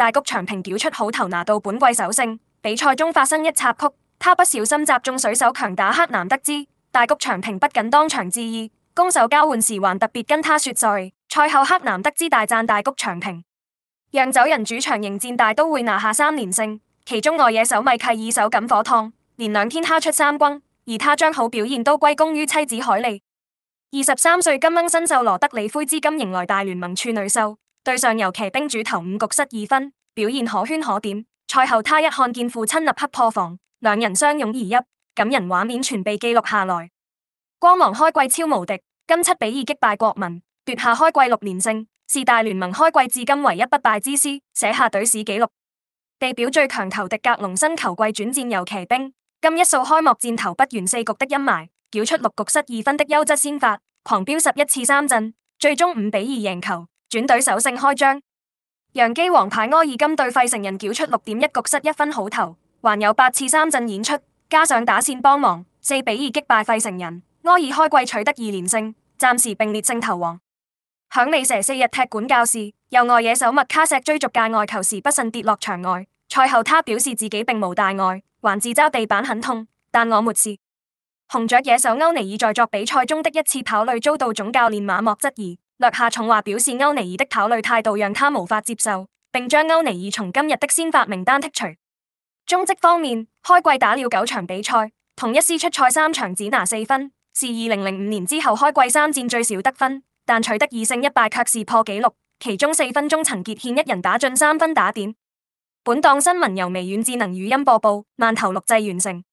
大谷翔平繳出好投，拿到本季首勝。比賽中發生一插曲，他不小心砸中水手強打赫南德茲，大谷翔平不僅當場致意，攻守交換時還特別跟他說罪。賽後赫南德茲大讚大谷翔平。釀酒人主場迎戰大都會拿下三連勝。其中外野手米契爾手感火燙，連兩天敲出三轟，而他將好表現都歸功於妻子海莉。二十三歲金鶯新秀羅德里灰之金迎來大聯盟處女秀，對上遊騎兵主投五局失二分。表現可圈可點，賽後他一看見父親，立刻破防，兩人相擁而泣，感人畫面全被記錄下來。光芒開季超無敵，今七比二擊敗國民，奪下開季六連勝，是大聯盟開季至今唯一不敗之師，寫下隊史紀錄。地表最強球迪格隆新球季轉戰遊騎兵，今一掃開幕戰投不完四局的陰霾，繳出六局失二分的優質先發，狂飆十一次三振，最終五比二贏球，轉隊首勝開張。楊基王牌柯爾金對費城人繳出六點一局失一分好投，還有八次三振演出，加上打線幫忙，四比二擊敗費城人。柯爾開季取得二連勝，暫時並列勝投王。響尾蛇四日踢館教時，右外野手麥卡錫追逐界外球時不慎跌落場外，賽後他表示自己並無大礙，還自嘲地板很痛，但我沒事。紅雀野手歐尼爾在作比賽中的一次跑壘遭到總教練馬莫質疑。略下重話表示歐尼爾的考慮態度讓他無法接受，並將歐尼爾從今日的先發名單剔除。中職方面，開季打了九場比賽，統一獅出賽三場只拿四分，是二零零五年之後開季三戰最少得分，但取得二勝一敗卻是破紀錄，其中四分鐘陳傑憲一人打進三分打點。本檔新聞由微軟智能語音播報，慢頭錄製完成。